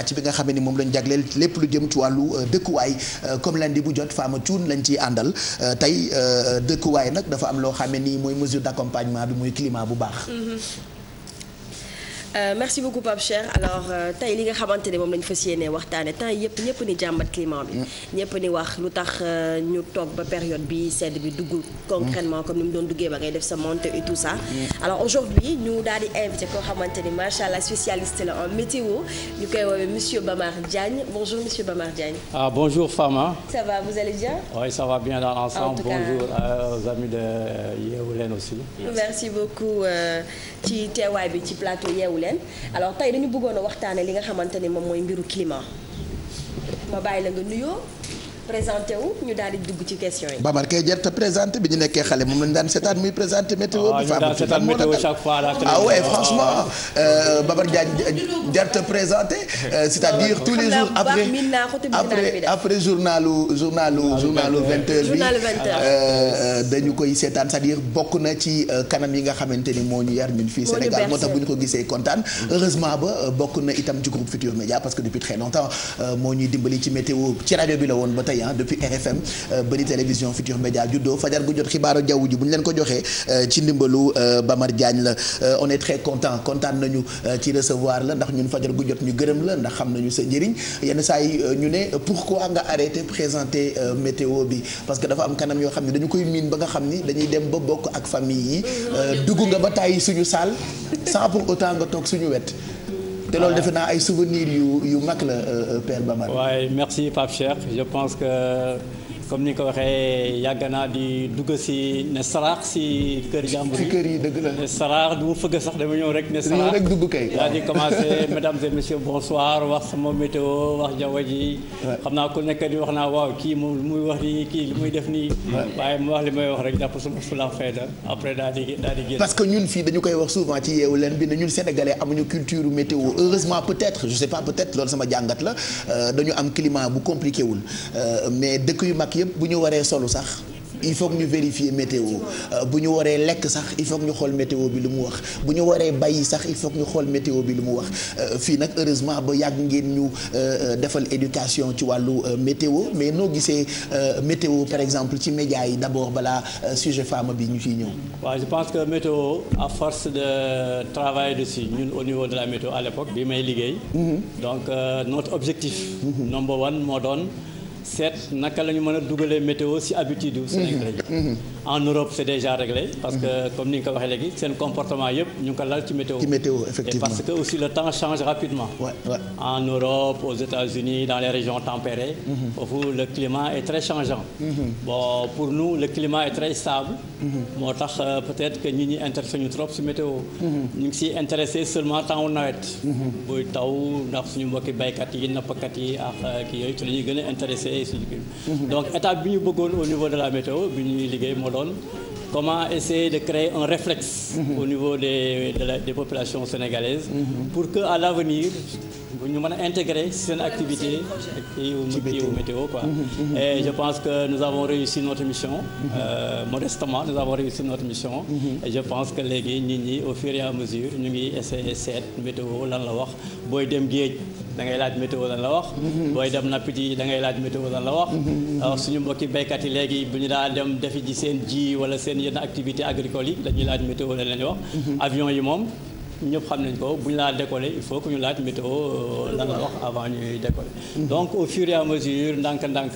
pàcc bi nga xam ni moom lañu jagleel lépp lu jëm ci wàllu euh, dëkkuwaay euh, comme di bu jot Fama Thioune lañ ciy àndal euh, tey dëkkuwaay nag dafa am loo xam nii mooy mesure d'accompagnement bi mooy climat bu baax. Mm-hmm. Euh, merci beaucoup Pape Cheikh alors euh, tey li nga xamante ne moom lañu fas yéenee waxtaane temps yëpp ñëpp ni jàmbat climat bi. Mm. ñëpp ni wax lu tax euh, ñu toog ba période bi sedd bi dugg. concrètement comme ni mu doon duggee ba ngay def sa montée et tout ça. Mm. alors aujourd'hui ñu daal di invité koo xamante ni macha allah spécialiste la en météo ñu koy woowee monsieur Bamar Diagne bonjour monsieur Bamar Diagne. Ah, bonjour Fama. ça vous allez bien. oui ça bien dans l'ensemble bonjour euh, bi leen alors tey dañu bëggoon a waxtaane li nga xamante ni moom mooy mbiru climat ma bàyyi la nga nuyoo présenté wu ñu daal di dugg ci question yi. Bamar kay bi ñu nekkee xale moom lañu daan seetaan muy présenté météo. waaw ah, ñu daan seetaan météo chaque ah euh, euh, c'est-à-dire tous les jours après après journalu journalu journalu 20 heures bi euh, dañu koy seetaan c'est-à-dire bokk na ci kanam yi nga xamante ni moo ñu yar ñun fii Sénégal moo tax bu ñu ko gisee kontaan heureusement ba bokk na itam ci groupe Futur Média parce que depuis très longtemps moo ñuy dimbali ci météo ci rajo bi la woon yi depuis RFM euh, ba di télévision Futur Média juddoo fajar gu jot xibaaru jaww ji bu ñu leen ko joxee euh, ci ndimbalu euh, Bamar Diagne la on est très content kontaan nañu ci recevoir la ndax ñun fajar gu jot ñu gërëm la ndax xam nañu sa njëriñ yenn saa yi ñu ne pourquoi nga arrêté présenter météo bi parce que dafa am kanam yoo xam ne dañu koy miin ba nga xam ni dañuy dem ba bokk ak famille yi dugg nga ba tàyyi suñu saal sans pour autant nga toog suñu wet te loolu defe naa ay souvenirs yu yu mag la euh, euh, Père Bamar. waaye merci Pape Cheikh je pense que. comme ni ko waxee yàgg naa di dugg si ne saraax si kër jàmbur yi kër yi dëgg la ne saraax du ma fëgg sax dama ñëw rek ne saraax rek dugg kay daa di commencé mesdames et messieurs bonsoir wax sama météo wax jaww ji xam naa ku nekk di wax naa waaw kii moom lu muy wax nii kii lu muy def nii waaye mu wax li may wax rek jàpp suma fula fayda après daa di daa génn parce que ñun fii dañu koy wax souvent ci yeewu leen bi ne ñun sénégalais amuñu culture météo heureusement peut-être je sais pas peut-être loolu sama jàngat la euh, dañu am climat bu compliqué wul euh, yëpp bu ñu waree solu sax il faut ñu vérifier météo euh, bu ñu waree lekk sax il faut ñu xool météo bi lu mu wax bu ñu waree bàyyi sax il faut ñu xool météo bi lu mu wax euh, fii nag heureusement ba yàgg ngeen ñu euh, defal éducation ci wàllu météo mais noo gisee météo par exemple ci média yi d'abord balaa sujet femme bi ñu ciy ñëw. waaw je pense que météo à force de de dessus ñun au niveau de la météo à l'époque bi may liggéey. Mm-hmm. donc euh, objectif. Mm-hmm. number one moo doon. seet naka la ñu mën a dugalee météo si habitude yu Sénégalais yi mm-hmm. en Europe c'est déjà réglé parce que mhm. comme ni nga ko waxee léegi seen comportement yëpp ñu ngi ko lal ci météo. ci météo parce que aussi le temps change rapidement. en Europe aux États-Unis dans les régions tempérées. Mhm. foofu le climat est très changeant. Mm pour nous le climat est très stable. Mhm. moo tax euh, peut-être que ñi ñi intéressé ñu trop si météo. ñu ni si intéressé seulement temps wu nawet. buy taw ndax suñu mbokki baykat yi nappkat yi ak euh, kii yooyu ci la ñuy gën a intéressé suñu donc état bi ñu amaloon comment essayer de créer un réflexe mhm. au niveau des de la, des populations sénégalaises mhm. pour que à l'avenir ñu mën a intégrer seen activité ci wu météo quoi mhm, et je pense que nous avons réussi notre mission euh, modestement nous avons réussi notre mission et je pense que léegi nit ñi au fur et à mesure ñu ngi essayer seet météo lan la wax booy dem géej da ngay laaj météo lan la wax mhm. booy dem nappi ji da ngay laaj météo lan la wax mhm. suñu mbokki béykat yi léegi bu ñu daa dem defi ji seen ji wala seen yenn activité agricole yi dañuy laaj météo lan la ñu wax mhm. avion yi moom ñëpp xam nañ ko bu ñu laa décoller il faut que ñu laaj météo lan euh, la wax avant ñuy décoller mhm. donc au fur et à mesure ndànk-ndànk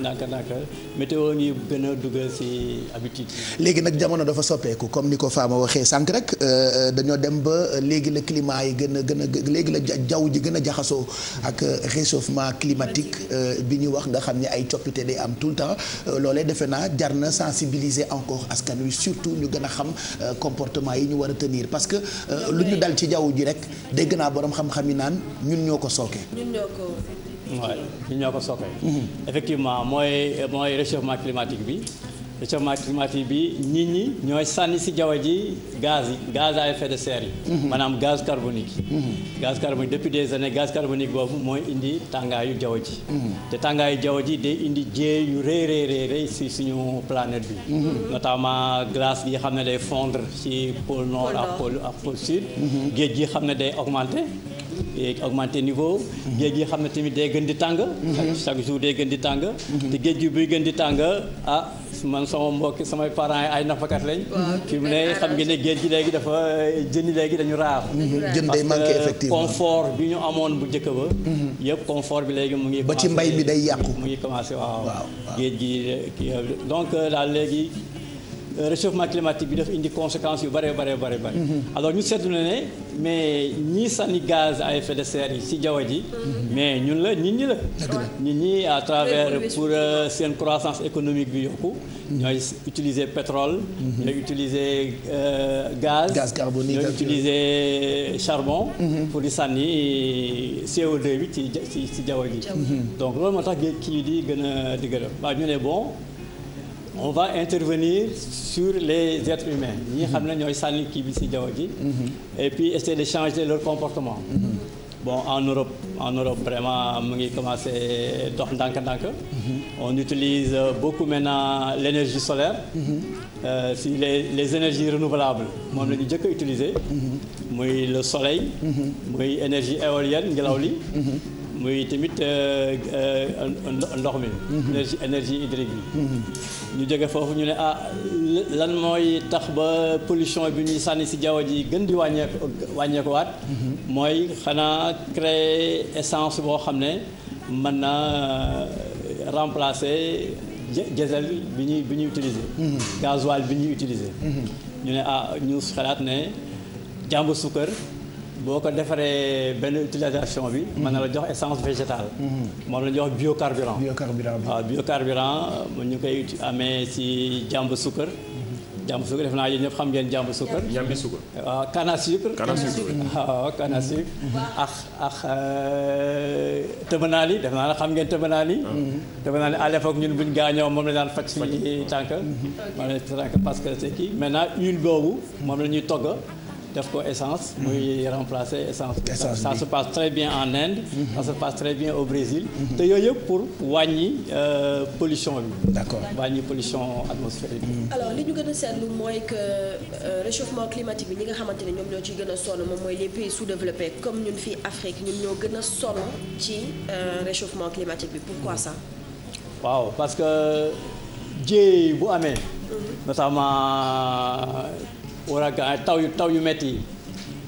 ndànk-ndànk météo ñuy gën a dugal ci habitude léegi nag jamono dafa soppeeku comme ni ko Fama waxee sànq rek euh, euh, dañoo dem ba léegi la climat yi gën a gën a léegi la jaww ji gën a jaxasoo ak réchauffement climatique bi ñu wax nga xam ni ay coppite day am tout le temps loolee defe naa jar na sensibiliser encore askan wi surtout ñu gën a xam comportement yi ñu war a tenir parce Euh, lu ñu dal ci jaww ji rek dégg naa borom xam-xam yi naan ñun ñoo ko sooke. ñun ñoo ko. waaw ñoo ko sooke. Mhm. effectivement mooy mooy réchauffement climatique bi. automatiquement bi nit ñi ñooy sànni si jaww ji gaz yi gaz a effet de serre yi. Mhm. maanaam gaz carbonique. Mhm. gaz carbonique depuis des années gaz carbonique boobu mooy indi tàngaayu jaww ji. Mhm. te tàngaayu jaww ji de indi jéey yu rëy rëy rëy si suñu planète bi. notamment glace yi xam ne day fondre ci pôle nord ak pôle ak pôle sud. géej gi xam ne day augmenter. et augmenter niveau. géej gi xam ne tamit day gën di tàng. chaque jour day gën di tàng. te géej gi buy gën di tàng ah, man sama mbokki samay parent ay nafakat lañ. fi mu ne xam nga ne géej gi léegi dafa jëni léegi dañu raar. jën day manqué effectivement confort bi ñu amoon bu njëkk ba. Mhm. yëpp confort bi léegi mu ngi. ba ci mbay mi day yàqu mu ngi commencé waaw. géej gi donc euh, daal léegi. Euh, réchauffement climatique bi def indi conséquences yu bare bare bare bëri mhm. alors ñu seetlu na ne mais ñii sànni gaz à effet de serre yi si jaww ji mhm. mais ñun la nit ñi la nit ñi à travers pour euh, seen croissance économique bi yokku mhm. ñooy utiliser pétrole ñooy utiliser gaz gaz carbonique ñooy utiliser euh, charbon pour di sànni CO2 bi ci ci si jaww ji donc loolu moo tax kii di gën a di gën a ñu ne bon on va intervenir sur les êtres humains ñi xam na ñooy sànni kii bi ci jaww ji e puis essayer de changer leur comportement mm-hmm. bon en Europe en Europe vraiment mu ngi commencé dox ndànk-ndànk mm-hmm. on utilise beaucoup maintenant l'énergie solaire euh, si les les énergies renouvelables moom la ñu jëkk a utiliser muy le soleil muy énergie éolienne ngelaw li muy tamit euh, euh, ndox mi. Mhm. énergie énergie hydrique bi. Mhm. ñu jóge foofu ñu ne ah lan mooy tax ba pollution bi ñuy sànni si jaww ji gën di wàññeeku wàññeekuwaat. Mhm. mooy xanaa créer essence boo xam ne mën na euh, remplacer diesel bi ñuy bi ñuy utiliser. gasoil bi ñuy utiliser. ñu ne ah ñu xalaat ne jàmbu sukkër. boo ko defaree benn utilisation bi. mën na la jox essence végétale. moom la jox biocarburant. biocarburant bi waaw biocarburant ñu koy amee si jàmb sukkar. Mhm. jàmb sukkar def naa yéen ñëpp xam ngeen jàmb sukkar. jàmbi sukkar waaw canne à sucre. canne à sucre waaw canne mhm. Mhm. ak ak euh, tëbanaal def naa la xam ngeen tëbanaal yi. Ah. tëbanaal yi à l'époque ñun buñ gaañoo moom la daan faj si tànk. moom la tànk parce que c'est kii boobu moom la ñuy togg. def ko essence. Mhm. muy remplacer essence bi. ça se passe très bien en Inde. Mhm. ça se passe très bien au Brésil. Mhm. te yooyu yëpp pour wàññi euh, pollution bi. d'accord wàññi pollution atmosphérique bi. alors li ñu gën a seetlu mooy que euh, réchauffement climatique bi ñi nga xamante ne ñoom ñoo ci gën a sonn moom mooy les pays sous-développés comme ñun fii Afrique ñun ñoo gën a sonn ci euh, réchauffement climatique bi pourquoi ça. waaw parce que jéey bu amee. notamment. ouragan taw yu taw yu métti yi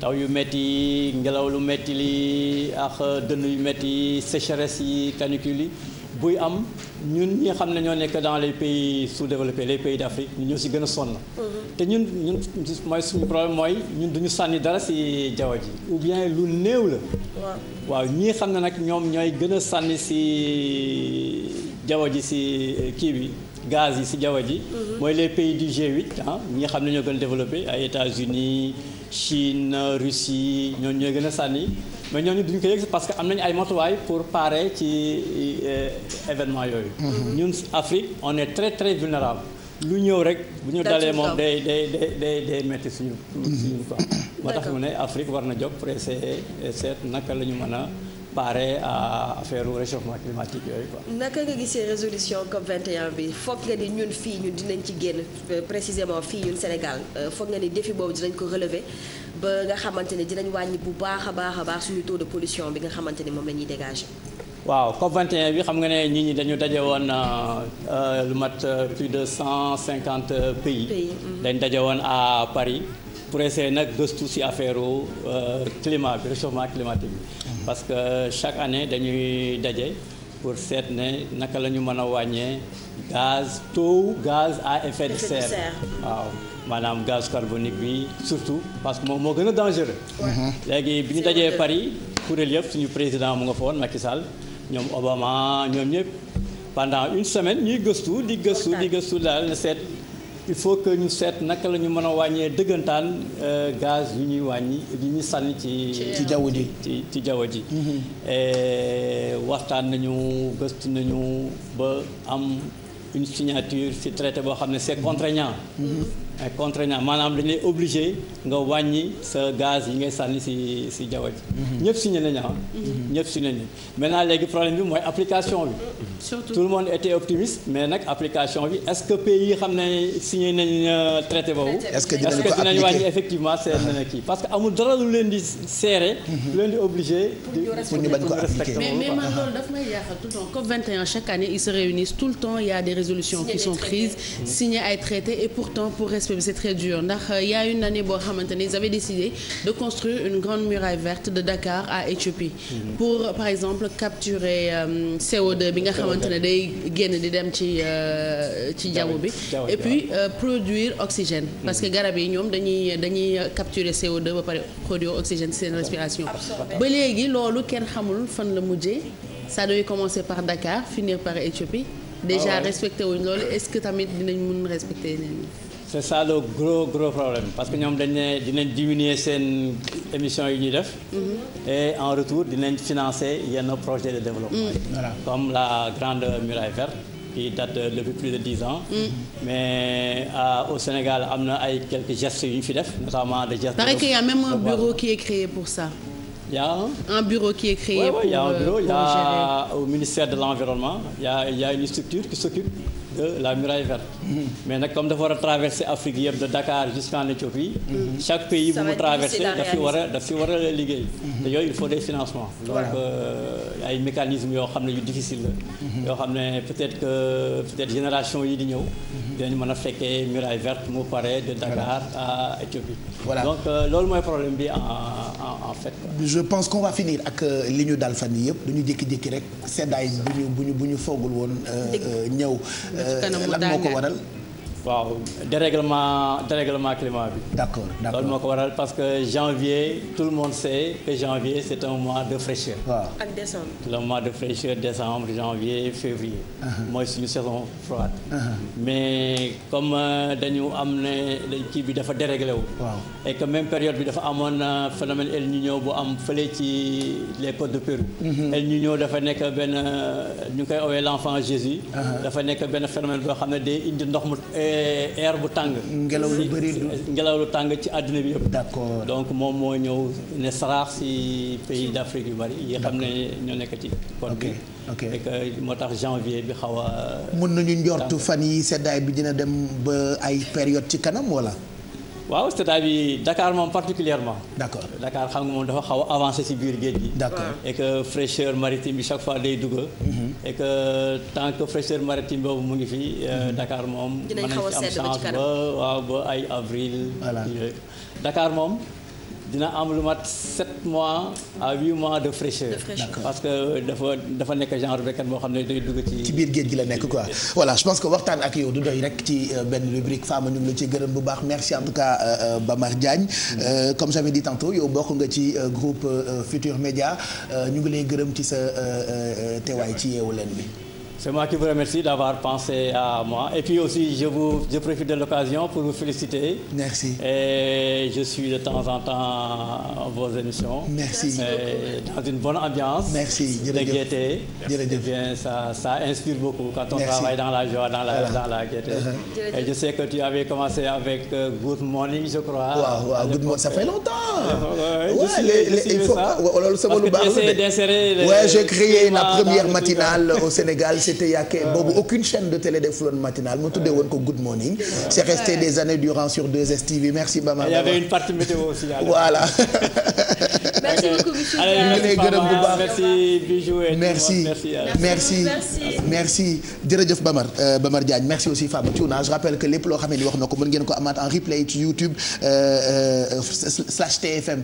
taw yu métti yi ngelaw lu métti li ak dënn yu métti yi sécheresse yi canicule yi buy am ñun ñi xam ne ñoo nekk dans les pays sous-développés les pays d'Afrique ñu ñoo si gën a sonn mhm. te ñun ñun mooy suñu problème mooy ñun duñu sànni dara si jaww ji ou bien lu néew la waaw ñii xam ne nag ñoom ñooy gën a sànni si jaww ji si kii bi gaz yi si jaww ji. Mhm. mooy les pays du G8 ah, ñi nga xam ne ñoo gën a développé ay États-Unis Chine Russie ñoo ñooy gën a sànni mais ñooñu duñ ko yëg parce que am nañu ay motuwaay pour paare ci euh, événement yooyu. Mhm. ñun Afrique on est très très vulnérable. lu ñëw rek bu ñu dalee moom day day day day day métti suñu suñu mhm. quoi moo tax mu ne Afrique war na jóg pour essayer seet naka la ñu mën a paré à affaire réchauffement climatique yooyu quoi. naka nga gisee résolution COP 21 bi foog nga ni ñun fii ñun dinañ ci génn euh, précisément fii ñun Sénégal euh, foog nga ni défi boobu dinañ ko relever ba nga xamante ne dinañ wàññi bu baax a baax a baax suñu taux de polition bi nga xamante ne moom la ñuy dégager. waaw COP 21 bi xam nga ne nit ñi dañu daje woon euh, lu mat plus de cent cinquante pays. Mhm. dañ daje woon à Paris. pour essayer nag gëstu ci affaire euh, climat bi réchauffement climatique bi mhm. parce que chaque année dañuy daje pour seet ne naka la ñu mën a wàññee gaz taux gaz à effet de serre waaw maanaam gaz carbonique bi surtout parce que moom moo gën a dangereux mhm. léegi bi ñu dajee Paris kuréel yëpp suñu président mu nga fa woon Macky ñoom Obama ñoom ñëpp pendant une semaine ñuy gëstu di gëstu di gëstu daal seet il faut que ñu seet naka la ñu mën a wàññee dëggantaan euh, gaz yu ñuy wàññi yu ñuy sànni ci. ci jaww ji ci ci jaww ji. Mm-hmm. Euh, waxtaan nañu gëstu nañu ba am une signature ci traité boo xam ne c'est contraignant. Mm-hmm. contraignant maanaam dañ lay obligé nga wàññi sa gaz yi ngay sànni si si jaww ji. Mhm. ñëpp signé nañu ah. Mhm. ñëpp signé nañu maintenant léegi problème bi mooy application bi. Mhm. surtout tout le monde était optimiste mais nag application bi est-ce que pays yi xam ne signé nañ euh, traité boobu. est-ce que dinañ ko est que dinañ wàññi effectivement seen euh, kii amul dara lu leen di serré. lu leen di obligé. pour ñu bañ ko appliqué mais mais man loolu daf may yaaxal tout le temps COP 21 chaque année ils se réunissent tout le temps il y a des résolutions qui sont prises signé ay traités et pourtant pour aspect bi c'est très dur ndax yaayu na ni boo xamante ne ils avaient décidé de construire une grande muraille verte de Dakar à Éthiopie. Mhm. pour par exemple capturer euh, CO2 bi nga xamante ne day génn di dem ci euh, ci jaww bi et puis euh, produire oxygène mhm. parce que garab yi ñoom dañuy dañuy capturer co ba pare produire oxygène ci seen respiration ba léegi loolu kenn xamul fan la mujjee ça devait commencer par Dakar finir par Éthiopie ah déjà respecté wuñ loolu est-ce que tamit dinañ mën respecter leen c'est ça le gros gros problème parce que ñoom dañ ne dinañ diminuer seen émission yi ñuy def mhm. et en retour dinañ financer yenn projet de développement mhm. voilà. comme la grande muraille verte qui date depuis plus de dix ans mhm. mais euh, à, au Sénégal am na ay quelques gestes yu ñu fi def notamment des gestes paraît qu'il y a même un bureau qui est créé pour ça Il y a un, bureau euh, de l'environnement il y a il y a une structure qui s'occupe de la muraille verte Mm-hmm. mais nag comme dafa war a traverser Afrique yëpp de Dakar jusqu'en Éthiopie mm-hmm. chaque pays bu mu traversé daf war a daf fi war a liggéey mm-hmm. te yooyu il faut des financements donc euh, ay mécanismes yoo xam ne yu difficile la yoo xam ne peut-être que être génération yi di ñëw dañ mën a fekkee muraille vert mu pare de Dakar à Éthiopie donc euh, loolu mooy problème bi en en fait je pense qu'on va finir ak euh, li ñu dal fan yi yëpp ñu jékki-jékki rek seddaay bu ñu bu ñu bu ñu foogul woon ñëw lan moo waaw dérèglement dérèglement climat bi. d'accord d'accord loolu moo ko waral parce que janvier tout le monde sait que janvier c'est un mois de fraîcheur. ak décembre. le mois de fraîcheur décembre janvier février. Uh-huh. mooy suñu saison froide. Uh-huh. mais comme euh, dañu am ne kii bi dafa déréglé wu. waaw et même période bi dafa amoon euh, phénomène El Niño bu am fële ci les côtes de Pérou. Uh-huh. El Niño dafa nekk benn euh, ñu koy owee l'enfant Jésus. dafa nekk benn phénomène boo xam ne day indi ndox mu. Eh, air bu tàng. ngelaw lu bëri du ngelaw lu tàng ci àddina bi yëpp. d'accord donc moom moo ñëw ne saraax si pays d'Afrique yu bari yi xam ne ñoo nekk ci kon bi ok moo tax janvier bi xaw a. mën nañu njortu fan yi seddaay bi dina dem ba ay période ci kanam wala. waaw stade bi Dakar moom particulièrement d'accord Dakar xam nga moom dafa xaw a avancé ci biir géej gi. d'accord et maritime bi chaque fois day dugg. Mhm. et que tant maritime boobu mu ngi fi. Euh, mhm. Dakar moom. dinañ xaw a sedd ba ci kanam ba waaw ba ay avril. voilà moom. dina am lu mat set mois à huit mois de fraîcheur. parce que dafa dafa nekk genre béykat boo xam ne day dugg ci. ci biir géej gi la nekk quoi voilà je pense que waxtaan ak yow du doy rek ci euh, benn rubrique Fama ñu ngi la ci gërëm bu baax merci en tout cas euh, euh, Bamar Diagne. Mm. comme j'avais dit tantôt yow bokk nga ci groupe Futur Média ñu ngi lay gërëm ci sa teewaay ci yeewu leen bi. C'est moi qui vous remercie d'avoir pensé à moi. Et puis aussi, je, vous, de l'occasion pour vous féliciter. Merci. Et je suis de temps en temps vos émissions. Merci. dans une bonne ambiance. De gaieté. Eh bien, inspire beaucoup quand on travaille dans la joie, dans la, la gaieté. Uh -huh. Et je sais que tu avais commencé avec euh, Good Morning, je crois. Waouh, wow, Good les, les, il première matinale au Sénégal. c'était il y a ah. boobu aucune chaîne de télé def flotte matinale mu tuddee woon ko Good Morning ah. c'est resté des années durant sur 2STV merci Bama. il météo aussi. voilà. merci beaucoup monsieur Ba merci jërëjëf Bamar euh, Bamar Diagne merci aussi Faba Thiouna je rappelle que lépp loo xam ne wax na ko mën ngeen ko amaat en replay ci YouTube euh, euh, slash TFM.